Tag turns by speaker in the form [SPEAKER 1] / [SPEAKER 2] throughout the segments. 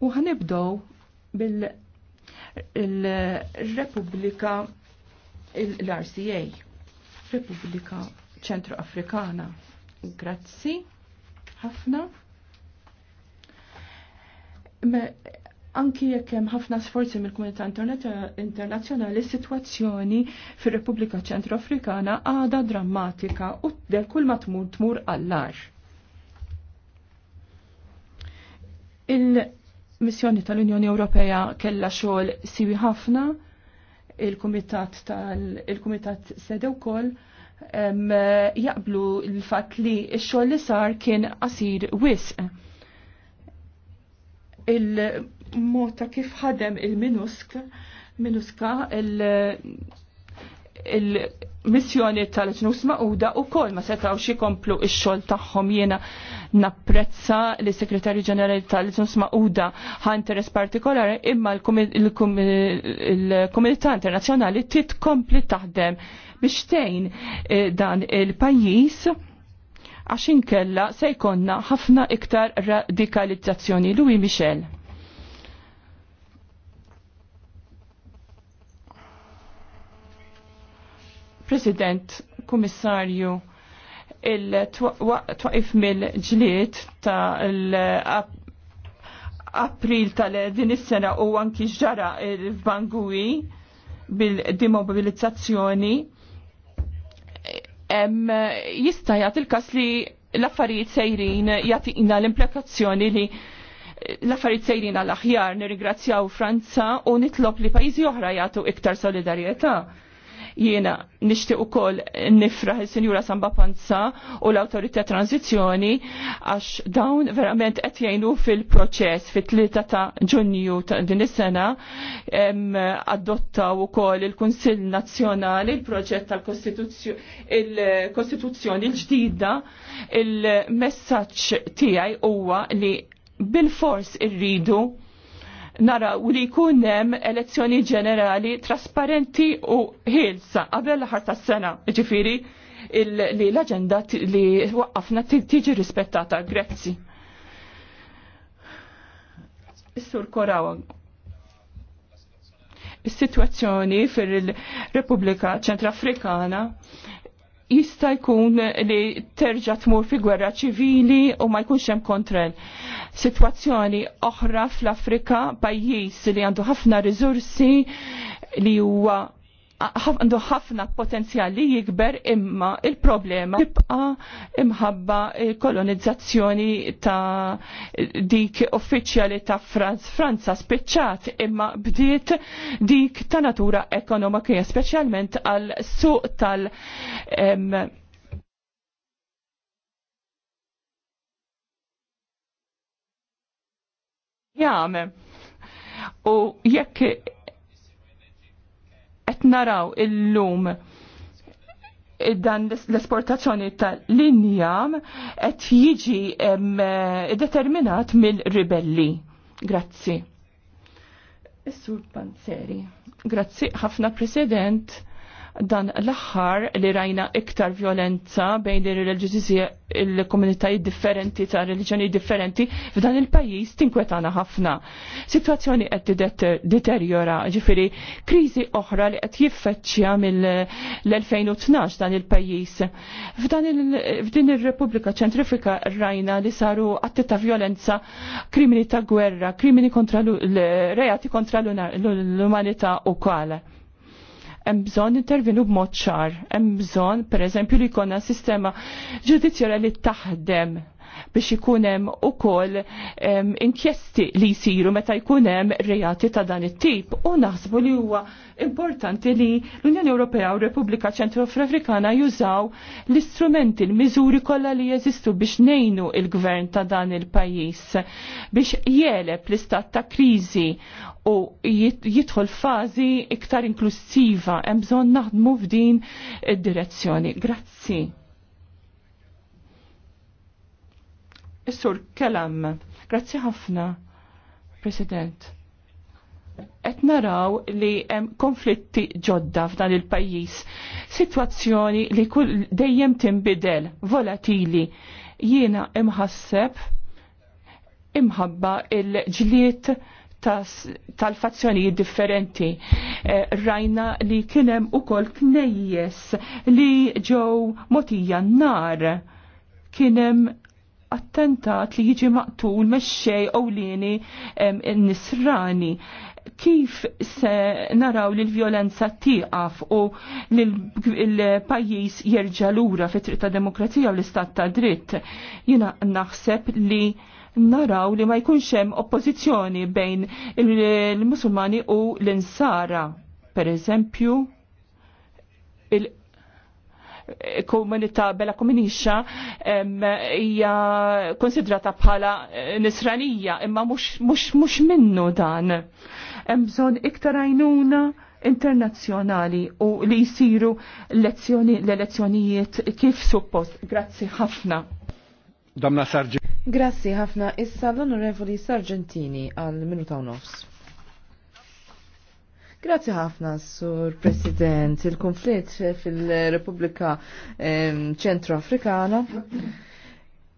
[SPEAKER 1] U ħanibdow bil-Repubblika l-RCA, Repubblika Ċentru Afrikana. Grazzi, ħafna. Anki jekk hemm ħafna sforzi mill komunità Internazzjonali, is-sitwazzjoni fir-Repubblika Ċentru Afrikana għada drammatika u del kull ma tmur tmur għall missjoni tal-Unjoni Ewropea kella xogħol siwi ħafna, il-Kumitat tal-Kumitat sede wkoll jaqblu l-fatt li x-xogħol li sar kien qasir wisq. Il-mod ta' kif ħadem il-Minusk, Minuska, il il-missjoni tal-ġnus ma'uda u kol ma setaw komplu il-xol taħħom jena napprezza li sekretarju ġenerali tal-ġnus ma'uda ħa interes partikolari imma il-komunità internazjonali titkompli taħdem biex tejn eh, dan il-pajis għaxin kella se ħafna iktar radikalizzazzjoni. Louis Michel. President, Kummissarju, il-twaqif mill-ġliet ta' l-April tal-din is-sena u anki ġara il-Bangui bil-dimobilizzazzjoni jista' jagħti il-każ li l-affarijiet sejrin jagħtina l-implikazzjoni li l-affarijiet sejrin għal aħjar nirringrazzjaw Franza u nitlob li pajjiżi oħra jagħtu iktar solidarjetà Jiena nixtieq ukoll nifra il-Sinjura Samba Panza u l-Awtorità Transizjoni għax dawn verament qed jgħinu fil-proċess fit-tlieta ta' Ġunju ta' din is-sena adottaw ukoll il-Kunsill Nazzjonali il-proġett tal-Kostituzzjoni l-ġdida il-messaġġ tiegħi huwa li bil-fors irridu naraw li jkun hemm elezzjoni ġenerali trasparenti u ħilsa qabel l ta' tas-sena. ġifiri, li l-aġenda li waqqafna tiġi rispettata. Grazzi. Is-Sur Korawa. Is-sitwazzjoni fir-Repubblika Ċentrafrikana jista' jkun li terġa' tmur fi gwerra ċivili u ma jkunx hemm kontroll. Situazzjoni oħra fl-Afrika, pajjiż li għandu ħafna riżorsi li huwa għandu ħafna potenzjal li jikber imma il-problema tibqa imħabba kolonizzazzjoni ta' dik uffiċjali ta' Franz. Franza spiċċat imma bdiet dik ta' natura ekonomika, speċjalment għal suq tal- jagħmel. U jekk qed naraw illum dan l-esportazzjoni tal-linjam qed jiġi determinat mill-ribelli. Grazzi. Is-Sur Panzeri. Grazzi ħafna President dan l-aħħar li rajna iktar violenza bejn il-komunitajiet differenti ta' reliġjoni differenti f'dan il-pajjiż tinkwetana ħafna. Situazzjoni qed deteriora, ġifieri kriżi oħra li qed jiffeċċja mill-2012 dan il-pajjiż. F'din ir-Repubblika Ċentrifika rajna li saru atti ta' violenza, krimini ta' gwerra, krimini kontra reati kontra l-umanità u kwale hemm bżonn intervenu b'mod ċar, hemm bżonn pereżempju li jkollna sistema ġudizzjarja li taħdem biex ikun hemm ukoll inkjesti li jsiru meta jkun hemm reati ta' dan it-tip u naħsbu li huwa importanti li l-Unjoni Ewropea u Repubblika Afrikana jużaw l-istrumenti, l-miżuri kollha li jeżistu biex nejnu il-gvern ta' dan il-pajjiż biex jeleb l-istat ta' kriżi u jidħol fażi iktar inklusiva hemm bżonn naħdmu f'din id-direzzjoni. Grazzi. Is-sur kelam. Grazzi ħafna, President. Et naraw li hemm konflitti ġodda f'dan il-pajjiż, sitwazzjoni li kull dejjem tinbidel, volatili. Jiena imħasseb imħabba il-ġliet tal-fazzjonijiet differenti. Eh, rajna li kienem u kol knejjes li ġew motija nar kienem attentat li jiġi maqtul mexxej ewlieni nisrani. Kif se naraw li l-violenza tieqaf u li l-pajjiż jerġa' lura fit ta' demokrazija u l-istat ta' dritt, jiena naħseb li naraw li ma jkunx hemm oppożizzjoni bejn il-Musulmani u l-Insara. Per eżempju, komunità bella komunixa hija konsidrata bħala eh, nisranija imma mhux minnu dan. Hemm bżonn iktar għajnuna internazzjonali u li jisiru l-elezzjonijiet kif suppost. Grazzi ħafna.
[SPEAKER 2] Damna Sarġi.
[SPEAKER 3] Grazzi ħafna issa l-Onorevoli Sargentini għal minuta u nofs. Grazzi ħafna, Sur President. Il-konflitt fil-Repubblika Afrikana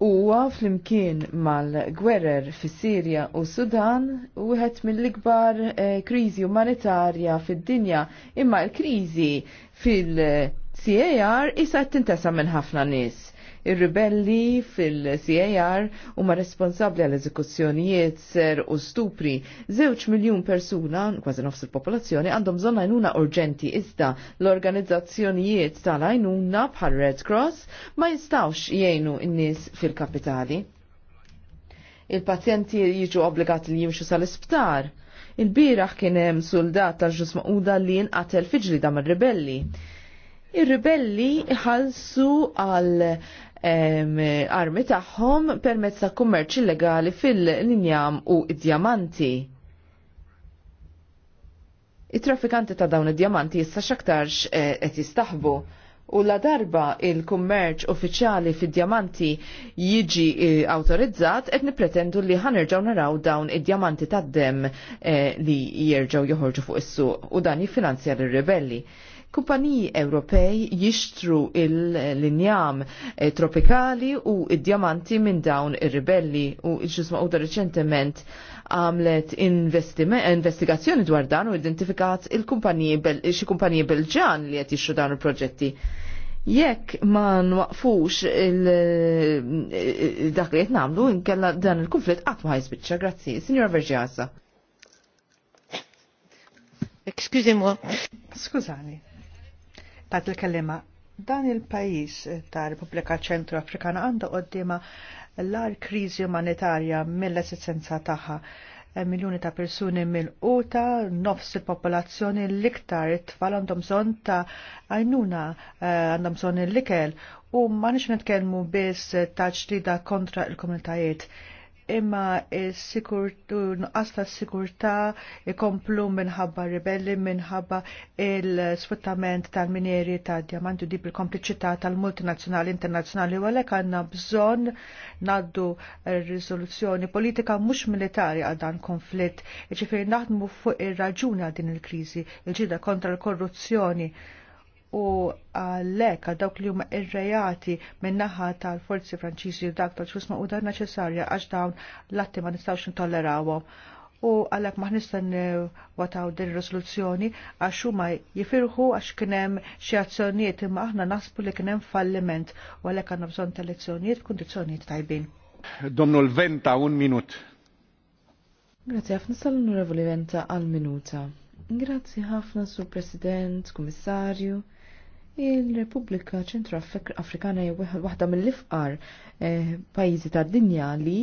[SPEAKER 3] huwa flimkien mal-gwerer fi Sirja u Sudan u wieħed mill-ikbar eh, kriżi umanitarja fid-dinja imma l-kriżi fil-CAR isa tintesa minn ħafna nies Ir-ribelli fil-CAR huma responsabbli għal eżekuzzjonijiet ser u stupri. Żewġ miljun persuna, kważi nofs il-popolazzjoni, għandhom bżonn għajnuna urġenti iżda l-organizzazzjonijiet tal-għajnuna bħal Red Cross ma jistawx jgħinu n-nies fil-kapitali. Il-pazjenti jiġu obbligati li jimxu sal-isptar. Il-biraħ kien hemm soldat ta' ġus maquda li nqatel fiġli dam mir-ribelli. Ir-ribelli ħalsu għal armi tagħhom permezz ta' kummerċ illegali fil-linjam u id-djamanti. Il-traffikanti ta' dawn id-djamanti jissa xaktarx eh, qed jistaħbu u la darba il-kummerċ uffiċjali fid-djamanti jiġi eh, autorizzat qed nipretendu li ħanerġgħu naraw dawn id-djamanti tad-dem eh, li jerġgħu joħorġu fuq is-suq u dan jiffinanzja lir-ribelli kumpaniji Ewropej jixtru il-linjam eh, tropikali u id-djamanti minn dawn ir-ribelli u ġisma u reċentement għamlet investigazzjoni dwar dan u identifikat il-kumpaniji xi kumpaniji Belġan li qed jixtru dawn il-proġetti jekk ma nwaqfux eh, dak li qed nagħmlu inkella dan il-konflitt qatt ma ħajsbiċċa. Grazzi, Signora Verġiasa.
[SPEAKER 2] Excusez-moi. Skużani. Tat il-kellima, dan il-pajis ta' Repubblika Ċentru Afrikana għandu għoddima l-ar kriżi umanitarja mill-esistenza tagħha. Eh, miljoni ta' persuni mill uta nofs il-popolazzjoni l-iktar it-tfal għandhom bżonn ta' għajnuna eh, għandhom bżonn l-ikel u ma nix nitkellmu biss ta' ġdida kontra l komunitajiet imma s-sikurtu, nuqqas ta' sikurta ikomplu minħabba ribelli, minħabba il sfuttament tal-minieri ta' diamantu di bil-kompliċità tal-multinazzjonali internazzjonali u għalek għanna bżon naddu rizoluzzjoni politika mux militari għal dan konflitt, ċifiri naħdmu fuq ir-raġuni għal din il-krizi, il-ġida kontra l-korruzzjoni. il krizi il ġida kontra l korruzzjoni u għalhekk għal dawk li huma irrejati min-naħa tal-forzi Franċiżi u dak tal u dar neċessarja għax dawn l-atti ma nistgħux intollerawhom. U għalhekk ma nistan wataw din risoluzzjoni għax huma jifirħu għax kien hemm xi azzjonijiet imma aħna naspu li kien hemm falliment u għalhekk għandna bżonn ta' lezzjonijiet kundizzjonijiet tajbin. Domnul Venta, un minut.
[SPEAKER 3] Grazie, għafna sal-onorevoli Venta għal minuta. Grazzi ħafna, Sur President, Kummissarju. Il-Repubblika Ċentru Afrikana hija waħda mill-ifqar eh, pajjiżi tad-dinja li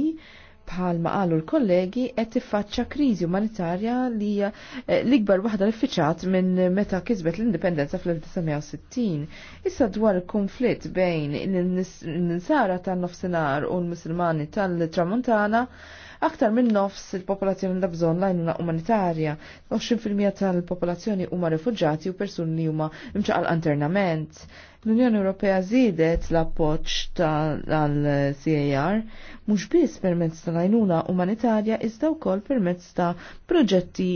[SPEAKER 3] bħalma qalu l-kollegi qed tiffaċċa kriżi umanitarja li hija eh, l-ikbar waħda l-iffiċat minn meta kisbet l-indipendenza fl-1960. Issa dwar il-konflitt bejn n-ninsara tan-nofsinhar u l-Musulmani tal-Tramuntana aktar minn nofs il-popolazzjoni da bżonn lajnuna umanitarja. 20% tal-popolazzjoni huma rifugġati u persuni li huma imċaqal internament. L-Unjoni Ewropea żiedet l-appoġġ tal-CAR mhux biss permezz tal-għajnuna umanitarja iżda wkoll permezz ta' proġetti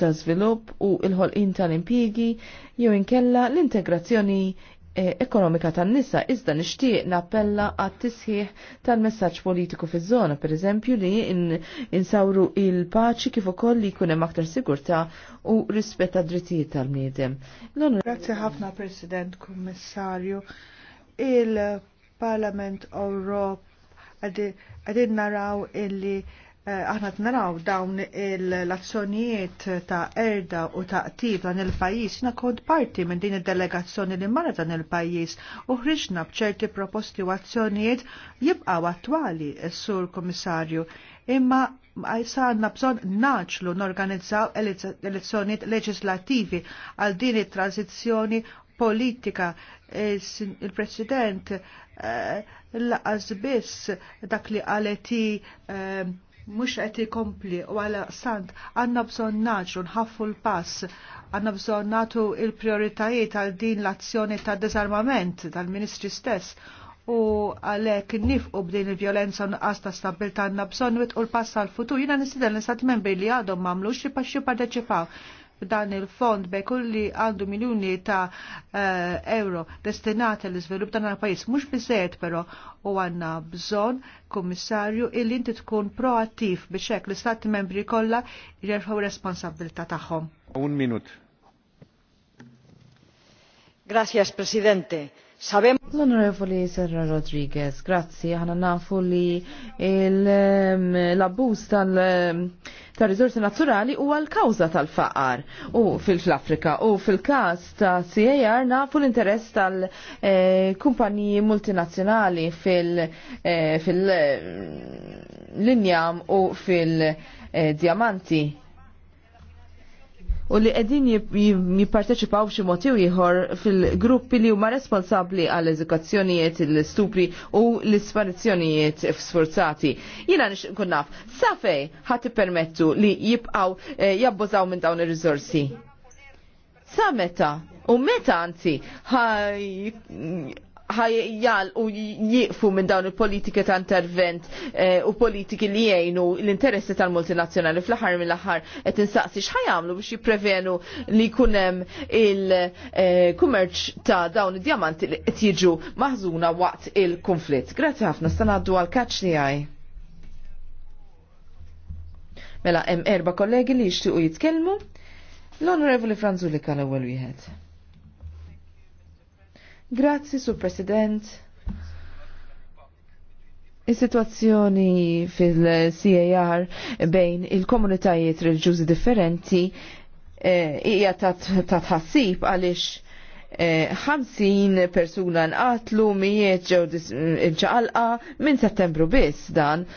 [SPEAKER 3] ta' żvilupp u l-ħolqien tal-impjiegi jew inkella l-integrazzjoni E, ekonomika tan-nisa iżda nixtieq nappella għat tisħiħ tal-messaġġ politiku fiż-żona, pereżempju li insawru il-paċi kif ukoll li jkun hemm aktar sigurtà u rispett tad drittijiet tal-bniedem.
[SPEAKER 2] Grazzi ħafna President Kummissarju. Il-Parlament Ewrop għadin naraw illi Eh, aħna t-naraw dawn l-azzjonijiet ta' erda u ta' tib dan il-pajis, jina kont parti minn din il-delegazzjoni li marra dan il-pajis u ħriġna bċerti proposti u azzjonijiet jibqaw attwali, sur komissarju, imma għajsanna bżon naċlu norganizzaw elezzjoniet leġislativi għal din it-tranzizjoni politika. E, Il-President eh, laqas biss dak li għaleti eh, mux qed kompli u għala sant għanna bżon naġru nħaffu l-pass, għanna bżon natu il-prioritajiet għal din l-azzjoni ta' dezarmament tal-ministri stess u għalek nifqu b'din il-violenza u nuqqas ta' stabilta għanna bżon u l-pass għal futur jina nisiden l-istat membri li għadhom mamlu xie pa' xie Dan il-fond be kulli għandu miljoni ta' uh, euro destinati l iżvilupp dan il-pajis. Mux bizzet pero u għanna bżon, komissarju, illi inti tkun proattiv biex hekk l-istati membri kollha jerfgħu responsabilità tagħhom. Un minut. Gracias, Presidente
[SPEAKER 3] L-Onorevoli Serra Rodriguez, grazzi, ħana nafu li l-abbuż tal-rizorsi naturali u għal-kawza tal-faqar u fil-Afrika u fil-kas ta' CAR nafu l-interess tal-kumpaniji eh, multinazzjonali fil-linjam eh, u fil-diamanti eh, u li qegħdin jipparteċipaw xi motiv ieħor fil-gruppi li huma responsabbli għall eżukazzjonijiet l-istupri u l-isparizzjonijiet sforzati. Jina nix naf, sa fej ħadd ippermettu li jibqgħu eh, jabbużaw minn dawn ir rizorsi Sa meta? U meta anzi ħajjal u jiqfu minn dawn il-politika ta' intervent eh, u politiki li jgħinu l-interessi tal-multinazzjonali fl-ħar mill-ħar qed insaqsi x'ħajamlu biex jipprevenu li kunem il-kummerċ eh, ta' dawn id-djamanti li qed jiġu maħżuna waqt il-konflitt. Grazzi ħafna għaddu għal kaċ li għaj. Mela hemm erba' kollegi li jixtiequ jitkellmu. L-Onorevoli Franzulika l-ewwel wieħed. Grazzi, Sur President. Is-sitwazzjoni fil-CAR bejn il-komunitajiet reliġjużi differenti eh, hija e, ta' tħassib għaliex 50 eh, persuna nqatlu mijiet ġew inċaqalqa minn settembru biss dan.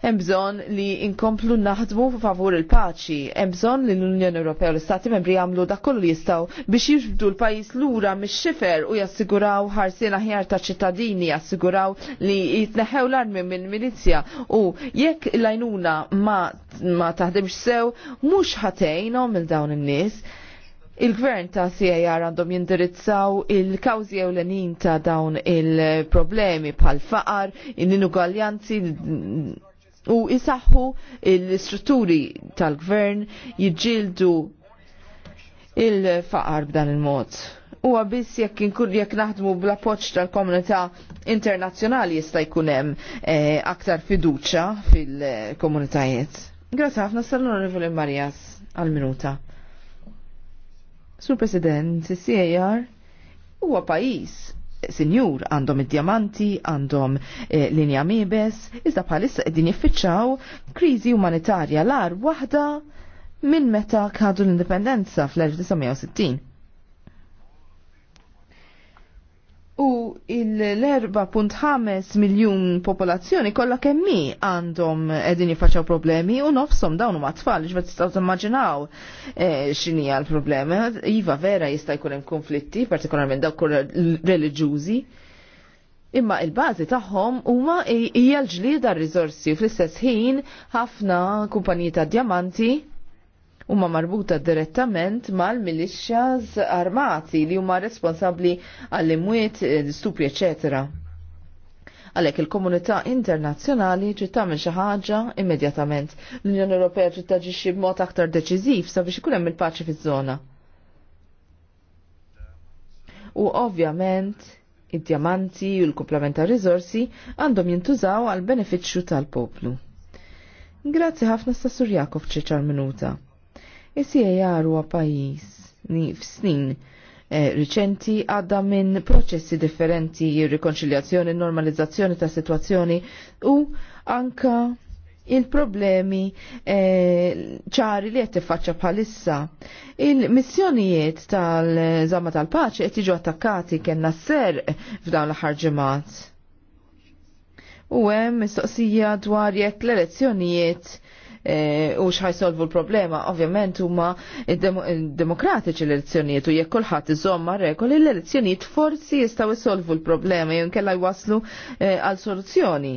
[SPEAKER 3] Hemm bżonn li inkomplu naħdmu favur il-paċi, hemm bżonn li l-Unjoni Ewropea u l-Istati Membri jagħmlu dak kollu li jistgħu biex jiġbdu l-pajjiż lura mix-xifer u jassiguraw ħarsien aħjar ta' ċittadini, jassiguraw li jitneħew l-armi minn milizja u jekk l-għajnuna ma, ma taħdimx sew mhux ħatejnhom minn dawn in-nies. Il-gvern ta' CIR għandhom jindirizzaw il-kawzi ewlenin ta' dawn il-problemi bħal faqar, in-inugaljanzi, u jisaxħu l-istrutturi tal-gvern jiġildu il-faqar b'dan il-mod. U għabis jekk inkur naħdmu bla poċ tal-komunità internazzjonali jista' jkun hemm eh, aktar fiduċa fil-komunitajiet. Grazie ħafna sal-Onorevoli Marjas għal-minuta. Sur President, CAR huwa pajis sinjur għandhom id-diamanti, għandhom eh, linja mibes, iżda bħalissa qegħdin jiffiċċaw kriżi umanitarja lar wahda waħda minn meta kħadu l-indipendenza fl-1960. u l-4.5 miljon popolazzjoni kollha kemm mi għandhom qegħdin jiffaċċaw problemi u nofshom dawn huma tfal ġbed tistgħu timmaġinaw eh, x'inhi l-problemi. Iva vera jista' jkun hemm konflitti, partikolarment dawk reliġjużi. Imma il-bażi tagħhom huma hija l-ġlieda r-riżorsi u fl-istess ħin ħafna kumpaniji ta' djamanti huma marbuta direttament mal-milixxas armati li huma responsabbli għall-imwiet, stupri, eċetera. Għalhekk il-komunità internazzjonali trid tagħmel xi ħaġa immedjatament. L-Unjoni Ewropea trid taġixxi b'mod aktar deċiżiv sabiex ikun hemm il-paċi fiż-żona. U ovvjament id-djamanti u l-komplementa rizorsi għandhom jintużaw għal benefiċċju tal-poplu. Grazzi ħafna Sassur Jakov ċeċar minuta. Is-CAR huwa pajjiż f'snin eh, riċenti għadda minn proċessi differenti rikonċiljazzjoni, normalizzazzjoni ta' situazzjoni u anka il-problemi eh, ċari li qed tiffaċċa bħalissa. Il-missjonijiet tal-żamma tal-paċi qed jiġu attakkati kellna s f'dawn l-ħarġimat. U hemm mistoqsija dwar jekk l-elezzjonijiet Eh, u xħajsolvu l-problema. Ovvjament huma demokratiċi l-elezzjonijiet u jekk kulħadd iżomma regoli l-elezzjonijiet forsi jistgħu jsolvu l-problema jew nkella jwaslu eh, għal soluzzjoni.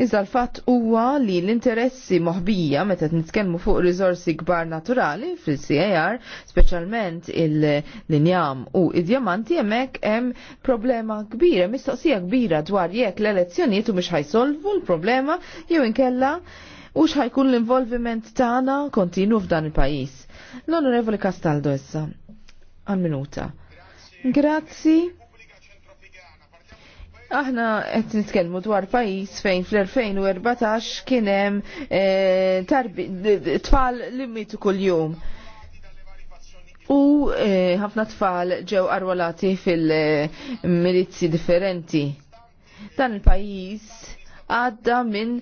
[SPEAKER 3] Iżda l-fatt huwa li l-interessi moħbija meta nitkellmu fuq risorsi kbar naturali fil-CAR, speċjalment il-linjam u id-djamanti hemmhekk hemm problema kbira, mistoqsija kbira dwar jekk l-elezzjonijiet u mhux ħajsolvu l-problema jew inkella u xħajkun l-involviment tagħna kontinu f'dan il-pajjiż. L-Onorevoli Castaldo issa. Għal minuta. Grazzi. Aħna qed nitkellmu dwar pajjiż fejn fl-2014 kien hemm e, tfal limitu kuljum. U eh, ħafna tfal ġew arwolati fil-milizzi differenti. Dan il-pajjiż għadda minn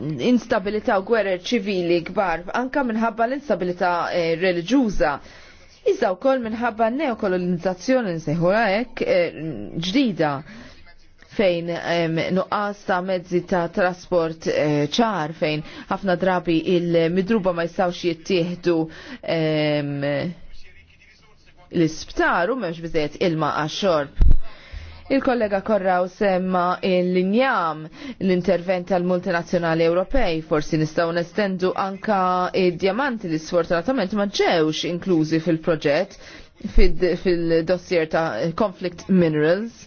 [SPEAKER 3] instabilità u gwerer ċivili kbar, anka minħabba l-instabilità eh, reliġjuża. Iżda wkoll minħabba neokolonizzazzjoni nsejħu hekk eh, ġdida fejn nuqqas ta' mezzi ta' trasport eh, ċar fejn ħafna drabi il-midruba ma jistawx jittieħdu l-isptar u memx bizziet ilma għax-xorb Il-kollega Korraw semma il-linjam l-intervent tal-multinazzjonali Ewropej, forsi nistaw nestendu anka il diamanti li sfortunatament ma ġewx inklużi fil-proġett fil-dossier ta' Conflict Minerals.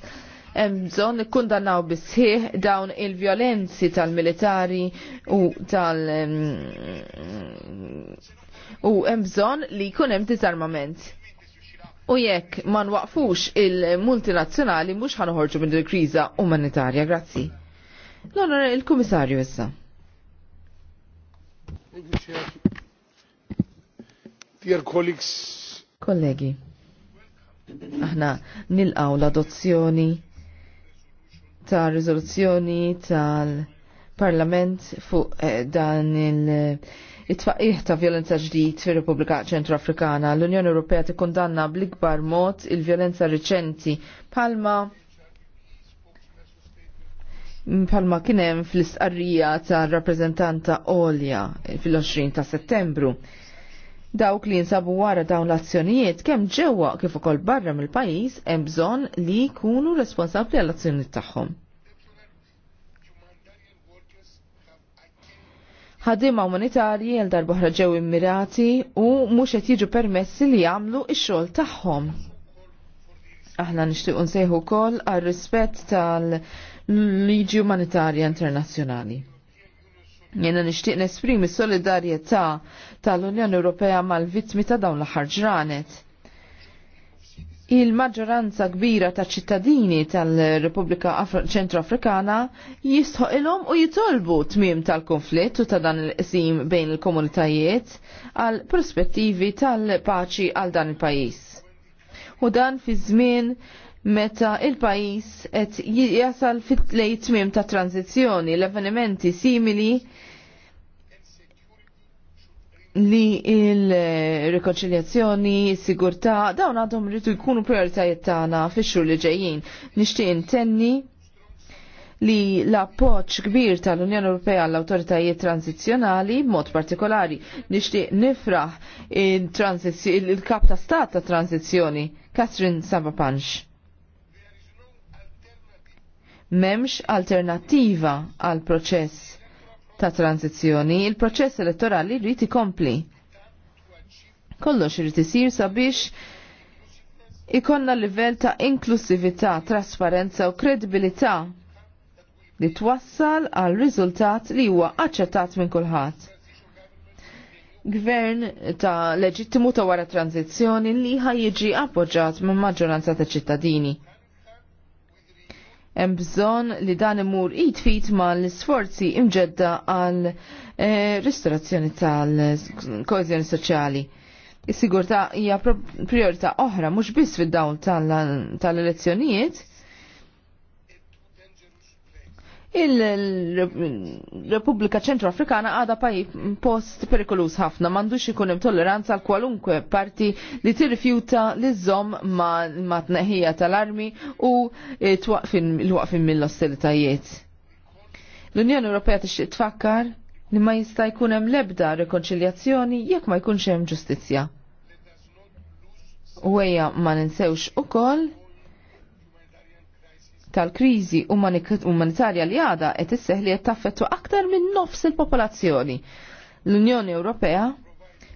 [SPEAKER 3] Hemm bżonn dannaw bisħieħ dawn il-vjolenzi tal-militari u tal- mm, u hemm bżonn li jkun hemm disarmament U jekk ma nwaqfux il-multinazzjonali mhux ħanħorġu minn il-kriża umanitarja. Grazzi. l il-Kummissarju issa.
[SPEAKER 2] Dear colleagues.
[SPEAKER 3] Kollegi. Aħna nilqaw l-adozzjoni ta' riżoluzzjoni tal-Parlament fuq eh, dan il- it-tfaqih ta' violenza ġdid fir repubblika Afrikana, L-Unjoni Ewropea tikkundanna bl-ikbar mod il-violenza riċenti palma palma kienem fl-istqarrija ta' rappresentanta Olja fil-20 ta' settembru. Dawk li jinsabu wara dawn l-azzjonijiet kemm ġewwa kif ukoll barra mill-pajjiż hemm bżonn li jkunu responsabbli għall-azzjonijiet tagħhom. ħadima umanitarji għal darbohra ġew immirati u mhux qed jiġu permessi li jagħmlu x-xogħol tagħhom. Aħna nixtiequ nsejħu wkoll għar rispett tal-liġi umanitarja internazzjonali. Jena nixtieq nesprimi s-solidarjetà tal-Unjoni Ewropea mal-vittmi ta' dawn l-aħħar ġranet il-maġġoranza kbira ta' ċittadini tal-Repubblika Ċentroafrikana jistħu ilhom u jitolbu tmiem tal-konflitt u ta' dan il-qsim bejn il-komunitajiet għal prospettivi tal-paċi għal dan il-pajjiż. U dan fi żmien meta il-pajjiż qed jasal fit tlej tmiem ta' tranzizzjoni l-avvenimenti simili li il-rekonċiljazzjoni, sigurtà, dawn għadhom rritu jkunu prioritajiet tagħna fix-xhur li ġejjin. Nixtieq intenni li l-appoġġ kbir tal-Unjoni Ewropea għall awtoritajiet tranzizzjonali b'mod partikolari nixtieq nifraħ il-kap ta' stat ta' tranzizzjoni, Catherine Sabapanx. Memx alternativa għal proċess ta' tranzizjoni, il-proċess elettorali rrit ikompli. Kollox irid isir sabiex ikonna livell ta' inklusività, trasparenza u kredibilità li twassal għal riżultat li huwa aċċettat minn kulħadd. Gvern ta' leġittimu ta' wara tranzizjoni li ħajjiġi appoġġat minn maġġoranza ta' ċittadini hemm bżonn li dan imur jitfit mal-sforzi imġedda għal eh, ristorazzjoni tal kozjoni soċjali. Is-sigurtà hija priorità oħra mhux biss fid-dawl tal-elezzjonijiet, il-Repubblika Ċentru Afrikana għada paj post perikolus ħafna, mandux ikun tolleranza għal kwalunkwe parti li tirrifjuta li żomm ma, ma tneħija tal-armi u e, l-waqfin mill-ostilitajiet. L-Unjoni Ewropea tixtieq tfakkar li ma jista' jkun hemm lebda rekonċiljazzjoni jekk ma jkunx hemm ġustizzja. Weja ma ninsewx ukoll tal-kriżi umanitarja li għada qed isseħ li qed taffettu aktar minn nofs il-popolazzjoni. L-Unjoni Ewropea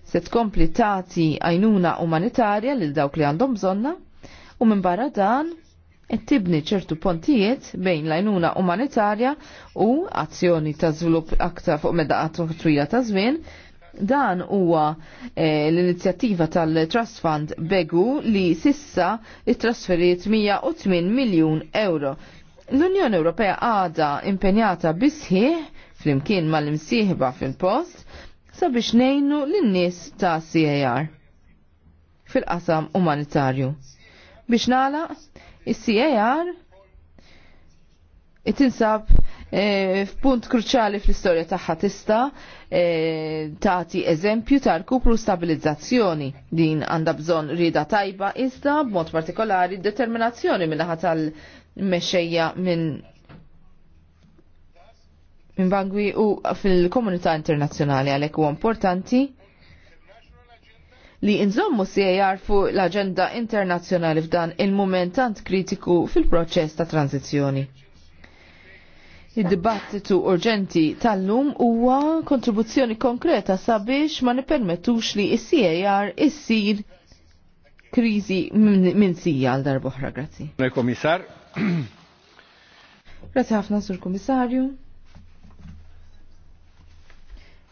[SPEAKER 3] se tkompli tagħti għajnuna umanitarja lil dawk li għandhom bżonna u minn barra dan qed tibni ċertu pontijiet bejn l-għajnuna umanitarja u azzjoni ta' żvilupp aktar fuq meda twila ta' żmien Dan huwa eh, l-inizjattiva tal-Trust Fund Begu li sissa it-trasferiet 108 miljun euro. L-Unjoni Ewropea għada impenjata bisħieħ fl-imkien mal-imsieħba fil-post sabiex nejnu l-nies ta' CAR fil-qasam umanitarju. Biex nala, il-CAR it insab f'punt eh, kruċali fl-istorja tagħha tista' eh, tagħti eżempju ta' rkupru stabilizzazzjoni din għandha bżonn rieda tajba iżda b'mod partikolari determinazzjoni naħa tal-mexxejja minn minn bangwi u fil-komunità internazzjonali għalhekk huwa importanti li inżommu si jarfu l-agenda internazzjonali f'dan il-momentant kritiku fil-proċess ta' tranzizjoni. Id-dibattitu urġenti tal-lum huwa kontribuzzjoni konkreta sabiex ma nipermettux li is-CAR issir kriżi minn sija għal darboħra, grazzi. Komissar. Grazzi ħafna sur komissarju.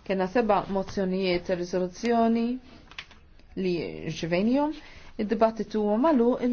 [SPEAKER 3] Kena seba mozzjonijiet risoluzzjoni li ġvenjum. id-dibattitu għamalu